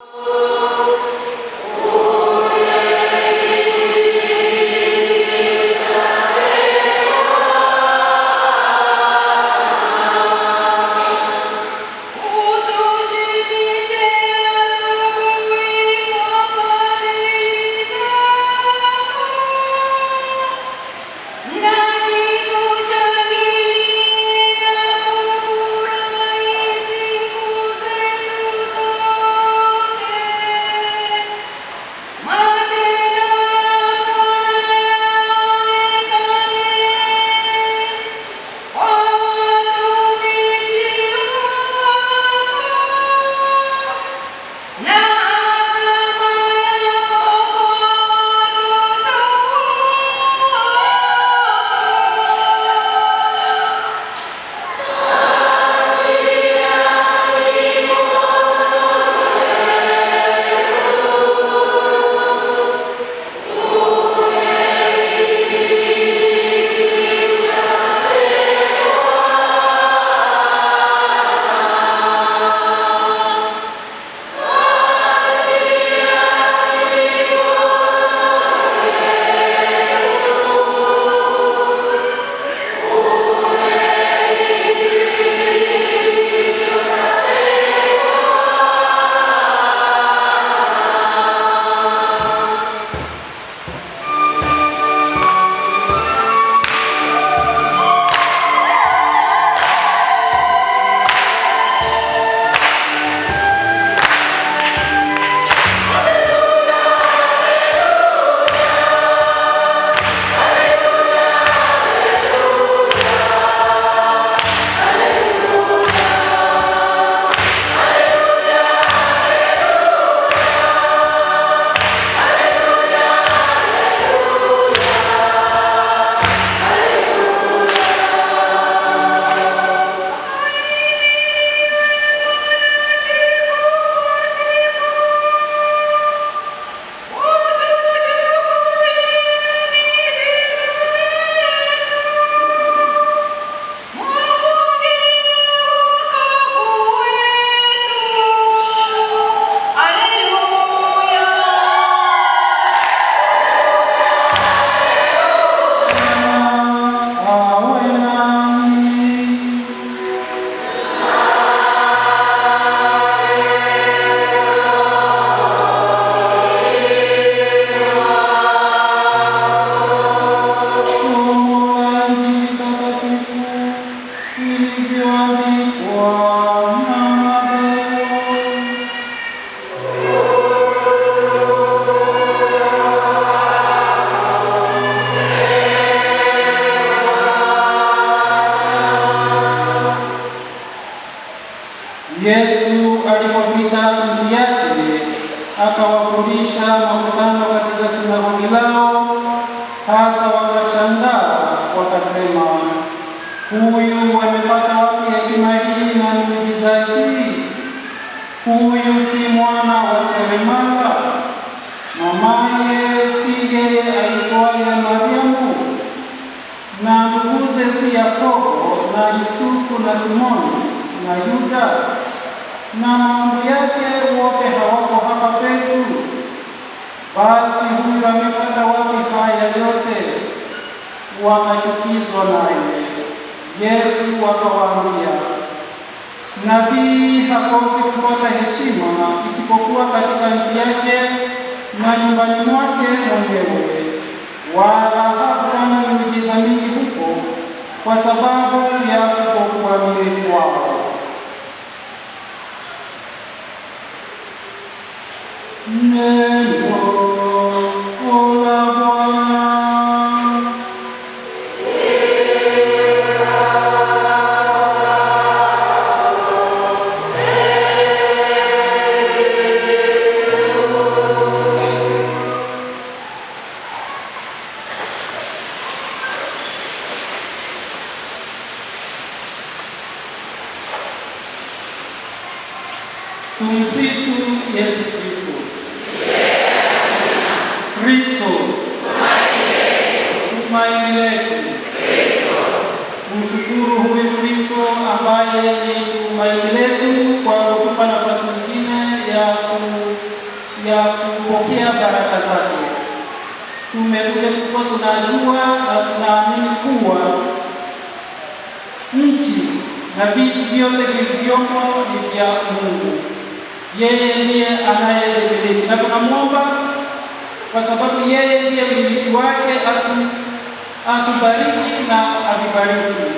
you wamepata amepata wapi hekima hii na miujiza hii? Huyu si mwana wa seremala? Mamaye si yeye aitwaye Mariamu? Na nduguze si Yakobo na Yusufu na Simoni na Yuda? Na maundu yake wote hawako hapa petu? Basi huyu amepata wapi haya yote? Wakachukizwa naye. Yesu akawaambia, nabii hakosi kupata heshima isipokuwa katika nchi yake na nyumbani mwake mwenyewe, wala hakufanya miujiza mingi huko kwa sababu tunajua na tunaamini kuwa nchi na vitu vyote vilivyomo ni vya Mungu. Yeye ndiye anayemiliki, na tunamwomba kwa sababu yeye ndiye mmiliki wake, atubariki na avibariki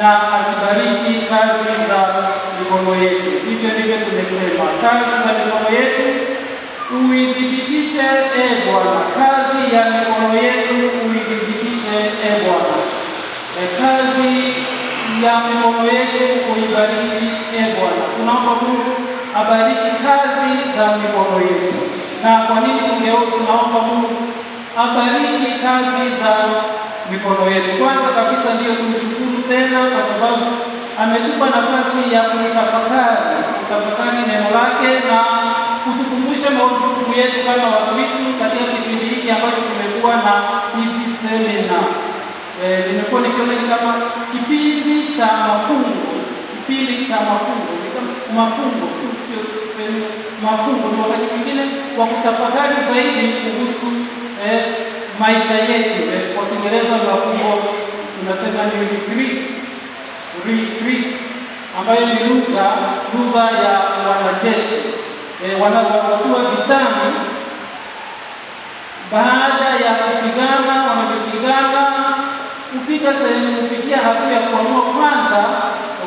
na asibariki kazi za mikono yetu. Hivyo ndivyo tumesema, kazi za mikono yetu uidhibitishe e Bwana kazi ya mikono yetu, uidhibitishe e Bwana e kazi ya mikono yetu, uibariki e Bwana. Tunaomba Mungu abariki kazi za mikono yetu. Na kwa nini ungeo, tunaomba Mungu abariki kazi za mikono yetu. Kwanza kabisa ndiyo tumshukuru tena kwa sababu ametupa nafasi ya kutafakari, kutafakari neno lake na kutukumbusha majukumu yetu kama Wakristo katika kipindi hiki ambacho tumekuwa na hizi semina. Eh, Nimekuwa nikiona kama kipindi cha mafungo, kipindi cha mafungo, mafungo sio semina, mafungo ni wakati mwingine wa kutafakari zaidi kuhusu eh, maisha yetu. E, kwa Kiingereza mafungo tunasema ni retreat, retreat ambayo ni lugha lugha ya wanajeshi e, wanaokuwa vitani baada ya kupigana, wanavyopigana kupiga sehemu kufikia hatua ya kuamua kwanza,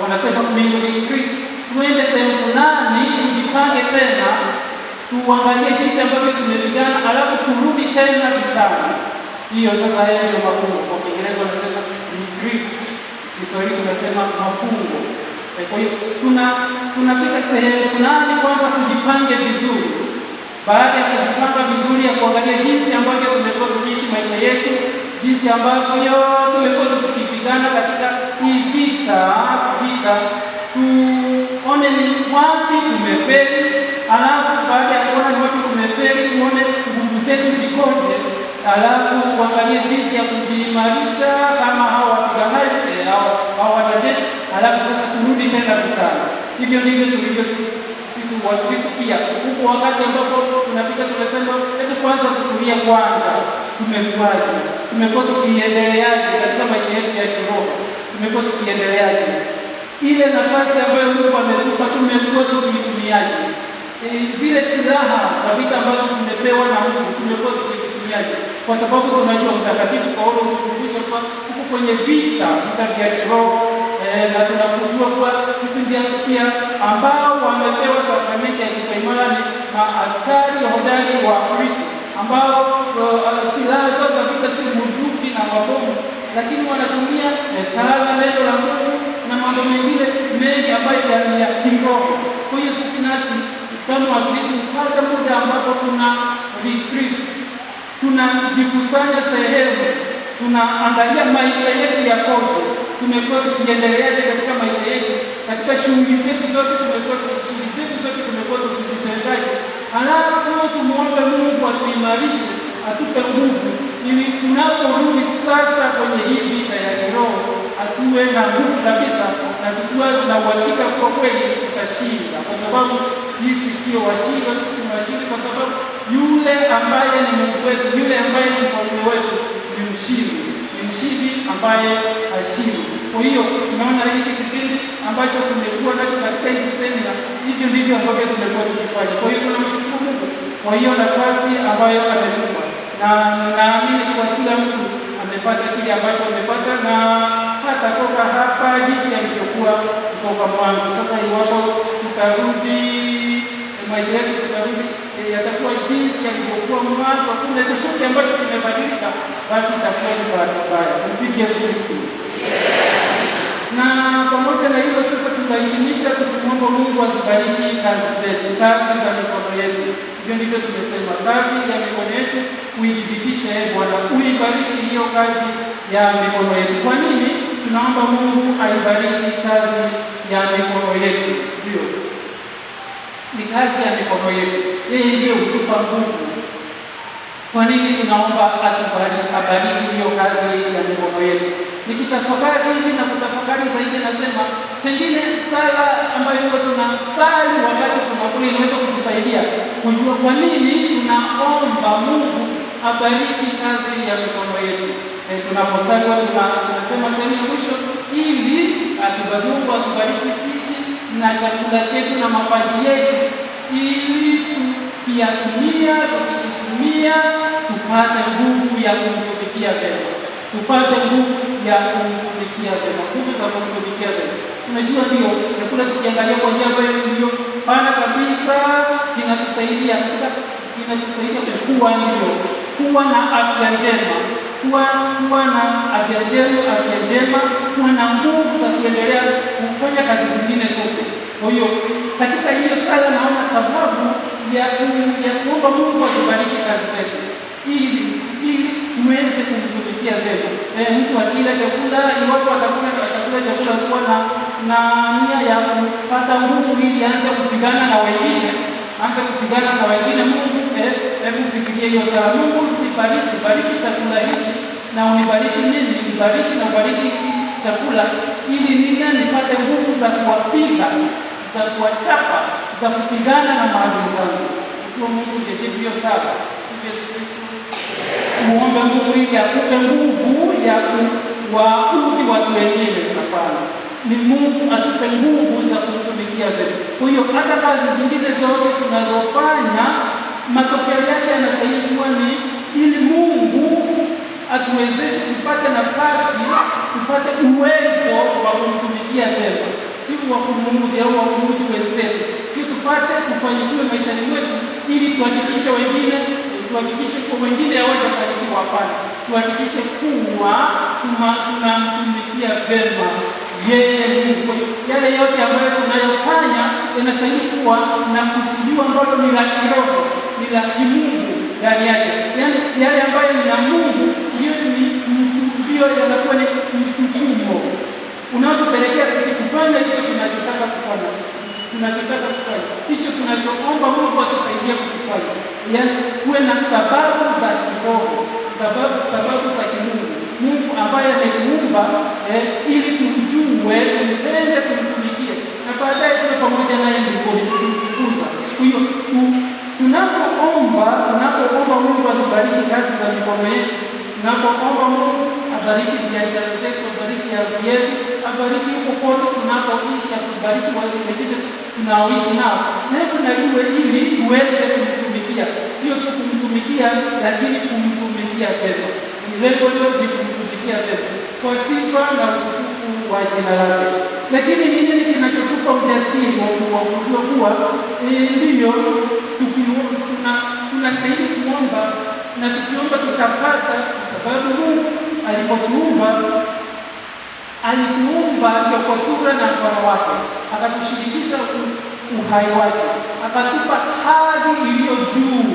wanasema tuende sehemu fulani tujipange tena, tuangalie jinsi ambavyo tumepigana, alafu turudi tena vitani. Hiyo sasa hayo ndio mafungo. Kwa Kiingereza wanasema Kiswahili tunasema mafungo. Kwa hiyo tunafika sehemu fulani, kwanza tujipange vizuri. Baada ya kujipanga vizuri, ya kuangalia jinsi ambavyo tumekuwa tukiishi maisha yetu, jinsi ambavyo tumekuwa tukipigana katika hii vita vita, tuone ni wapi tumefeli, alafu baada ya kuona ni wapi tumefeli, tuone nguvu zetu zikoje, alafu kuangalia jinsi ya kujiimarisha kama hao wapiganaji au wanajeshi alafu sasa turudi tena kukaa. Hivyo ndivyo tulivyo sisi Wakristo pia. Huko wakati ambapo tunapita tunasema, hebu kwanza kutumia kwanza, tumekuwaje? Tumekuwa tukiendeleaje katika maisha yetu ya kiroho? Tumekuwa tukiendeleaje ile nafasi ambayo Mungu ametupa? Tumekuwa tukiitumiaje? E, zile silaha za vita ambazo tumepewa na Mungu tumekuwa tukiitumiaje? Kwa sababu tunajua Mtakatifu Paulo hutufundisha kwa huko kwenye vita vita vya kiroho na tunakujua kuwa sisi ndio pia ambao wamepewa sakramenti ya kipaimara na askari hodari wa Kristo ambao uh, silaha zao za vita si bunduki na mabomu, lakini wanatumia sala, neno la Mungu na mambo mengine mengi ambayo ni ya kiroho. Kwa hiyo sisi nasi kama wakristo hata muda ambapo tuna retreat, tunajikusanya sehemu, tunaangalia maisha yetu yakoje tumekuwa tukiendeleaje katika maisha yetu, katika shughuli zetu zote, tumekuwa shughuli zetu zote tumekuwa tukizitendaje? Halafu tumuombe Mungu atuimarishe, atupe nguvu, ili tunaporudi sasa kwenye hii vita ya kiroho atuwe na nguvu kabisa, na tukuwa na uhakika kwa kweli tutashinda, kwa sababu sisi sio washindi, sisi ni washindi kwa sababu yule ambaye ni Mungu wetu, yule ambaye ni mfalme wetu ni mshindi ambaye hashindi. Kwa hiyo tunaona hiki kipindi ambacho tumekuwa nacho katika hizi semina, hivyo ndivyo ambavyo tumekuwa tukifanya. Kwa hiyo tunamshukuru Mungu kwa hiyo nafasi ambayo ametupa, na naamini kwa kila mtu amepata kile ambacho amepata na hata toka hapa jinsi alivyokuwa kutoka mwanzo. Sasa iwapo tutarudi maisha yetu tutarudi eh, yatakuwa jinsi yalivyokuwa mwanzo. Hakuna chochote ambacho kimebadilika, basi itakuwa ni bahati mbaya. Mziki ya shiriki na pamoja na hilo sasa, tunaidhinisha tukimwomba Mungu azibariki kazi zetu, kazi za mikono yetu. Hivyo ndivyo tumesema, kazi ya mikono yetu uidhibitishe, ee eh, Bwana, uibariki hiyo kazi ya mikono yetu. Kwa nini tunaomba Mungu aibariki kazi ya mikono yetu? Ndio ni kazi ya mikono yetu. Yeye ndiye hutupa nguvu. Kwa nini tunaomba atukubali abariki hiyo kazi ya mikono yetu? Nikitafakari hivi na kutafakari zaidi, nasema pengine sala ambayo huwa tunasali wakati tunakula inaweza kutusaidia kujua kwa nini tunaomba Mungu abariki kazi ya mikono yetu. E, tunaposali tunasema sehemu ya mwisho, ili atubariki, atubariki na chakula chetu na mapaji yetu, ili tukiyatumia, tukitumia tupate nguvu ya kumtumikia vyema, tupate nguvu ya kumtumikia vyema, nguvu za kumtumikia vyema. Unajua, ndio chakula tukiangalia kwa njia ambayo ndio pana kabisa, kinatusaidia kinatusaidia kukua, ndio kuwa na afya njema kuwa na afya njema, afya njema, kuwa na nguvu za kuendelea kufanya kazi zingine zote. Kwa hiyo katika hiyo sala naona sababu ya ya kuomba Mungu atubariki kazi zetu ili ili tuweze kumtumikia vyema. Eh, mtu akila chakula, iwapo atakula chakula chakula kuwa na na nia ya kupata nguvu ili aanze kupigana na wengine anza kupigana kwa wengine. Mungu, eh, hebu fikirie hiyo saa. Mungu nibariki, bariki chakula hiki na unibariki mimi, nibariki na bariki chakula ili nina nipate nguvu za kuwapiga, za kuwachapa, za kupigana na maadui zangu. Ikiwa Mungu jejevu hiyo saba muombe Mungu ili akupe nguvu ya kuwaudhi watu wengine. Hapana, ni Mungu atupe nguvu za kupitia pepo. Kwa hiyo hata kazi zingine zote tunazofanya matokeo yake yanastahili kuwa ni ili Mungu atuwezeshe kupata nafasi, kupata uwezo wa kumtumikia tena, si wa kumrudi au wa kurudi wenzetu, si tupate kufanikiwa maisha yetu, ili tuhakikishe wengine tuhakikishe kwa wengine hawatafanikiwa. Hapana, tuhakikishe kuwa tunamtumikia vema yale yote ambayo tunayofanya yanastahili kuwa na kusudio ambalo ni la kiroho, ni la kimungu ndani yake. Yaani yale ambayo ni ya Mungu hiyo ndiyo yanakuwa ni msukumo unaotupelekea sisi kufanya hicho tunachotaka kufanya, tunachotaka kufanya hicho tunachoomba Mungu atusaidie kukifanya. Yaani kuwe na sababu za kiroho, sababu sababu za kimungu, Mungu ambaye nyumba eh, ili tumjue, tumpende, tumtumikie na baadaye tuwe pamoja naye mbinguni tukimtukuza. Kwa hiyo tunapoomba, tunapoomba Mungu atubariki kazi za mikono yetu, tunapoomba Mungu abariki biashara zetu, abariki ardhi yetu, abariki huko kote tunapoishi, atubariki wale wengine tunaoishi nao, na hivyo liwe ili tuweze kumtumikia, sio tu kumtumikia, lakini kumtumikia pesa. Ni lengo leo ni kumtumikia pesa kwa sifa na utukufu wa jina lake. Lakini ni nini kinachotupa ujasiri wa kujua kuwa e, ndiyo tunastahili kuomba na tukiomba tutapata, kwa sababu Mungu alipotuumba alituumba kwa sura na mfano wake, akatushirikisha uhai wake, akatupa hadhi iliyo juu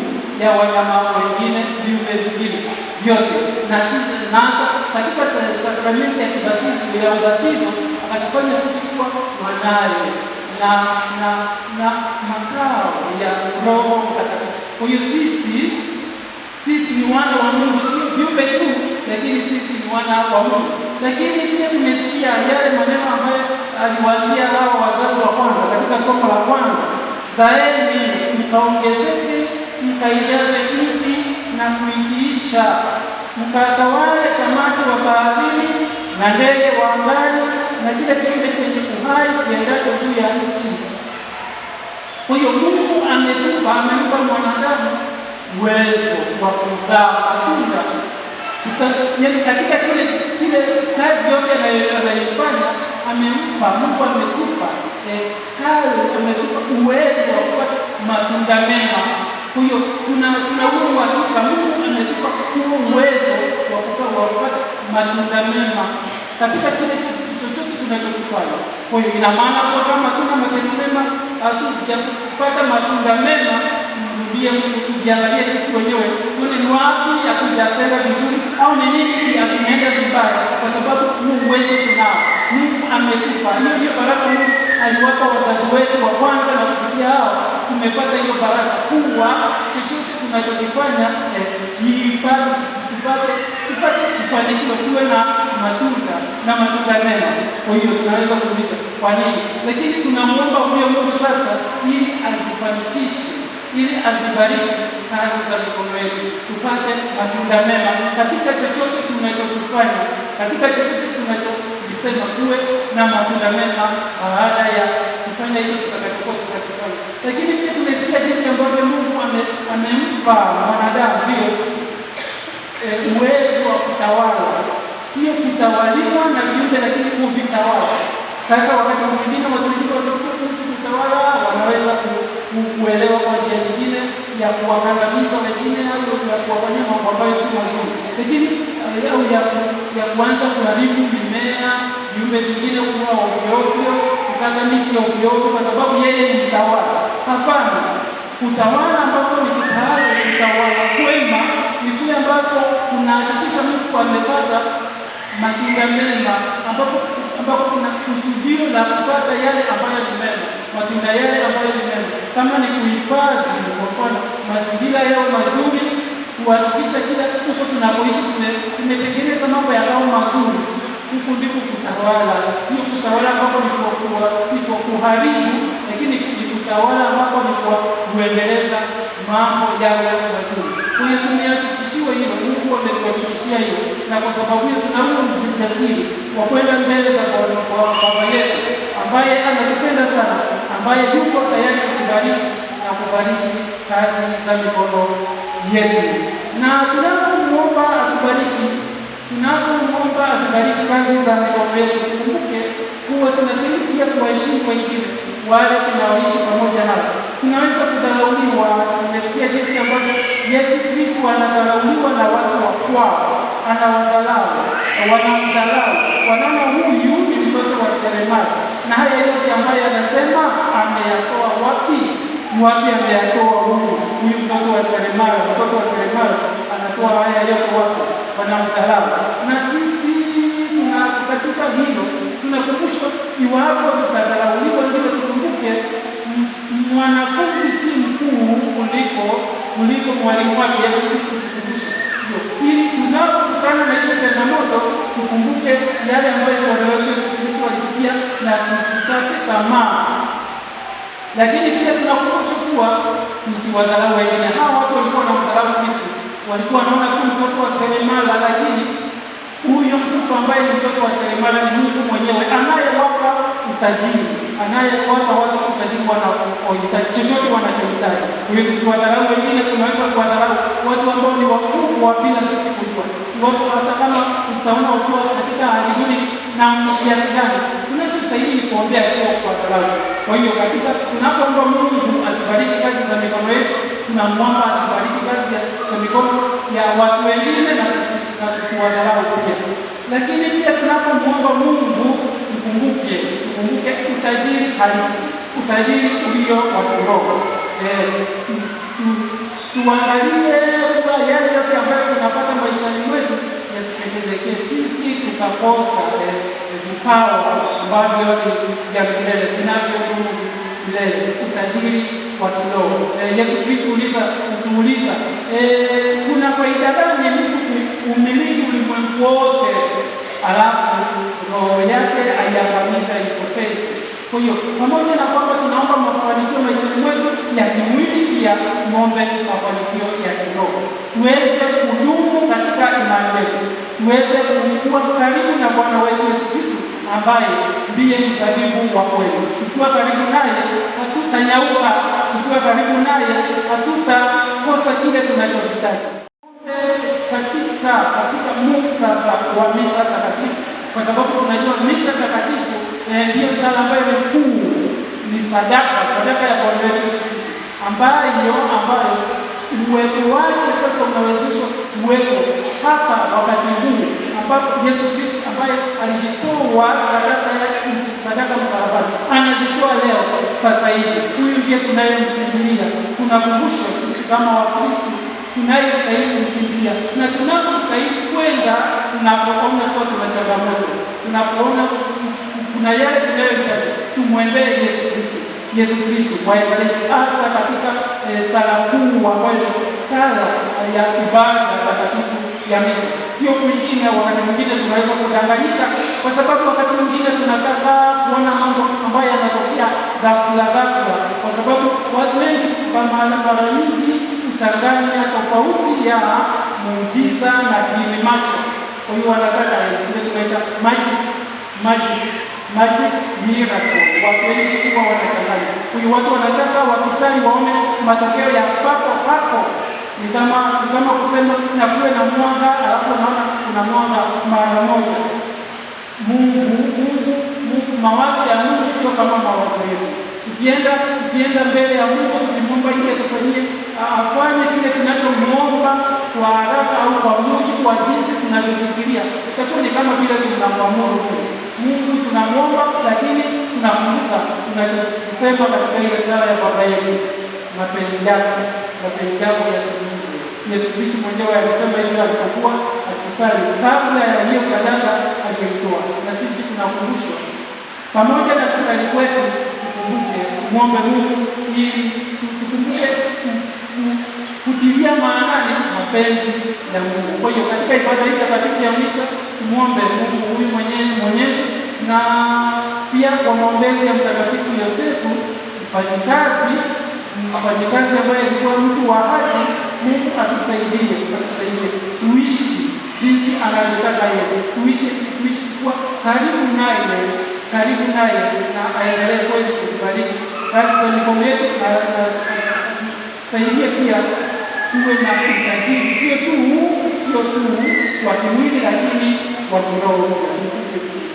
ya wanyama wengine, viumbe vingine yote na sisi tunaanza katika sakramenti ya kibatizo ya ubatizo, akatufanya sisi kuwa mwanaye na na na makao ya Roho Mtakatifu. hiyo sisi sisi ni wana wa Mungu, sio viumbe tu, lakini sisi ni wana wa Mungu. Lakini pia tumesikia yale maneno ambayo aliwaambia hao wazazi wa kwanza katika somo la kwanza, zaeni mkaongezeke, mkaijaze nchi na kuingia kisha mkatawale samaki wa baharini na ndege wa angani na kila kiumbe chenye uhai kiendacho juu ya nchi. Huyo Mungu ametupa amempa mwanadamu uwezo wa kuzaa matunda katika kile kile kazi yote anayoifanya, amempa Mungu ametupa hekalu, eh, ametupa uwezo wa kupata matunda mema. Kwa hiyo tuna uwezo Mungu ametupa huu uwezo wa kupata matunda mema katika kile chochote tunachokifanya. Kwa hiyo ina maana kwa kama tuna matendo mema hatujapata matunda mema, mrudie Mungu, tujiangalie sisi wenyewe, tuone ni wapi kujatenda vizuri au ni nini hatunaenda vibaya, kwa sababu huu uwezo tunao, Mungu ametupa. Hiyo ndio baraka Mungu aliwapa wazazi wetu wa kwanza na kupitia hao tumepata hiyo baraka kubwa tunachokifanya tupate eh, kufanikiwa, tuwe na matunda na matunda mema. Kwa hiyo tunaweza kuuliza kwa nini, lakini tunamwomba huyo Mungu sasa, ili azifanikishe, ili azibariki kazi za mikono yetu, tupate matunda mema katika chochote tunachokifanya, katika chochote tunachokisema, tuwe na matunda mema baada ya kufanya hicho tutakachokuwa tutakifanya. Lakini pia tumesikia jinsi ambavyo Mungu amempa mwanadamu ndio eh, uwezo wa kutawala, sio kutawaliwa na viumbe, lakini kuvitawala. Sasa wakati mwingine watulivu wakisikia kutawala, wanaweza kuelewa kwa njia nyingine ya kuwakandamiza wengine au ya kuwafanyia mambo ambayo si mazuri, lakini eh, au ya kuanza kuharibu mimea, viumbe vingine kuwa ovyo lazimiki na ovyoovyo kwa sababu yeye ni mtawala. Hapana, utawala ambapo ni kitawala, utawala kwema ni kile ambapo kunahakikisha mtu amepata matunda mema, ambapo ambapo kuna kusudio la kupata yale ambayo ni mema, matunda yale ambayo ni mema, kama ni kuhifadhi kwa mfano mazingira yao mazuri, kuhakikisha kila siku tunapoishi tumetengeneza mambo yakao mazuri huku ndiko kutawala, sio kutawala ambapo ni kwa kuharibu, lakini ni kutawala ambapo ni kwa kuendeleza mambo yale mazuri. Tumeakikishiwa hiyo, Mungu amekuhakikishia hiyo, na kwa sababu hiyo tunaona mjasiri kwa kwenda mbele za Baba yetu ambaye anatupenda sana, ambaye yuko tayari kubariki na kubariki kazi za mikono yetu, na tunapomuomba atubariki tunapomwomba azibariki kazi za mikono yetu, tukumbuke kuwa tunastahili pia kuwaheshimu wengine wale tunaoishi pamoja nao. Tunaweza kudharauliwa. Tumesikia jinsi ambavyo Yesu Kristo anadharauliwa na watu wa kwao, anawadharau, wanamdharau, wanaona huyu ni mtoto wa seremala. Na haya yote ambayo anasema ameyatoa wapi? Ni wapi ameyatoa huyu huyu mtoto wa seremala? wanaodharau. Na sisi katika hilo tunakumbushwa, iwapo tutadharauliwa, ndio tukumbuke mwanafunzi si mkuu kuliko kuliko mwalimu wake. Yesu Kristo tukumbusha ili tunapokutana na hizo changamoto tukumbuke yale ambayo Yesu Kristo walipitia na tusikate tamaa. Lakini pia tunakumbusha kuwa msiwadharau wengine. Hawa watu walikuwa na wanamdharau Kristo walikuwa wanaona tu mtoto wa seremala, lakini huyo mtoto ambaye ni mtoto wa seremala ni Mungu mwenyewe anayewapa utajiri, anayewapa watu utajiri wanaohitaji chochote wanachohitaji. Hiyo tukiwadharau wengine, tunaweza kuwadharau watu ambao ni wakubwa bila sisi kujua. Iwapo hata kama utaona ukiwa katika hali nzuri na kiasi gani, tunachostahili ni kuombea, sio kuwadharau. Kwa hiyo katika tunapoomba Mungu asibariki kazi za mikono yetu, tunamwomba asibariki kazi katika mikono ya watu wengine na tusiwadharau pia. Lakini pia tunapomwomba Mungu tukumbuke, tukumbuke utajiri halisi, utajiri ulio wa kiroho. Eh, tuangalie kuwa yale yote ambayo tunapata maishani mwetu yasipelekee sisi tukakosa eh, vipawa ambavyo vya milele vinavyo mlele, utajiri wa kiroho. Eh, Yesu Kristo utuuliza, eh, kuna faida gani mtu kumiliki ulimwengu wote alafu roho yake aiangamiza ipoteze? Kwa hiyo pamoja na kwamba tunaomba mafanikio maishani mwetu ya kimwili, pia tuombe mafanikio ya kiroho, tuweze kudumu katika imani yetu, tuweze kuwa karibu na Bwana wetu Yesu Kristo ambaye ndiye mzabibu wa kweli. Tukiwa karibu naye hatutanyauka, tukiwa karibu naye hatutakosa kile tunachohitaji. Katika katika muktadha wa misa takatifu, kwa sababu tunajua misa takatifu eh, ndiyo sala ambayo ni kuu, ni sadaka, sadaka ya Bwana ambayo ambayo uwepo wake sasa unawezesha uwepo hapa wakati huu ambapo Yesu Kristo ambaye alijitoa sadaka yake sadaka msalabani, anajitoa leo sasa hivi. Huyu ndiye tunayemkimbilia, tunakumbushwa sisi kama Wakristo tunayestahili kumkimbilia na tunapostahili kwenda, tunapoona kuwa tuna changamoto, tunapoona kuna yale tunayohitaji, tumwendee Yesu Kristo. Yesu Kristo waebalisi hasa katika eh, sala kuu ambayo sala ya ibada takatifu ya Misri, sio kwingine. Wakati mwingine tunaweza kudanganyika, kwa sababu wakati mwingine tunataka kuona mambo ambayo yanatokea ghafla ghafla, kwa sababu watu wengi mara nyingi kuchanganya tofauti ya muujiza na kile macho. Kwa hiyo wanataka eh, ile tunaita magic magic magic miracle, watu wengi kwa wanataka, Kwa hiyo watu wanataka wapisani waone matokeo ya papo papo ni kama kama kusema na kuwe na mwanga alafu naona kuna mwanga mara moja. Mungu Mungu Mungu, mawazo ya Mungu sio kama mawazo yetu. Ukienda ukienda mbele ya Mungu ukimwomba ile kufanyie afanye kile tunachomwomba kwa haraka au kwa mungu kwa jinsi tunavyofikiria, itakuwa ni kama vile tunamwamuru Mungu, tunamwomba lakini tunakumbuka tunachosema katika ile sala ya Baba yetu, mapenzi yake mapenziao yako Yesu Kristo mwenyewe alisema hilo alipokuwa akisali, kabla ya hiyo sadaka angeitoa. Na sisi tunakumbushwa pamoja na kusali kwetu, tukumbuke kumwombe Mungu ili tukumbuke kutilia maanani mapenzi ya Mungu. Kwa hiyo katika ibada hii takatifu ya misa tumwombe Mungu huyu mwenyewe mwenyewe, na pia kwa maombezi ya Mtakatifu Yosefu kazi kazi ambaye alikuwa mtu wa haki, Mungu atusaidie, atusaidie tuishi jinsi anavyotaka yeye, tuishi tuishi kwa karibu naye, karibu naye, na aendelee kweli kuzibariki kazi za mikono yetu, saidie pia tuwe na usajili, sio tu sio tu wa kimwili, lakini wa kiroho.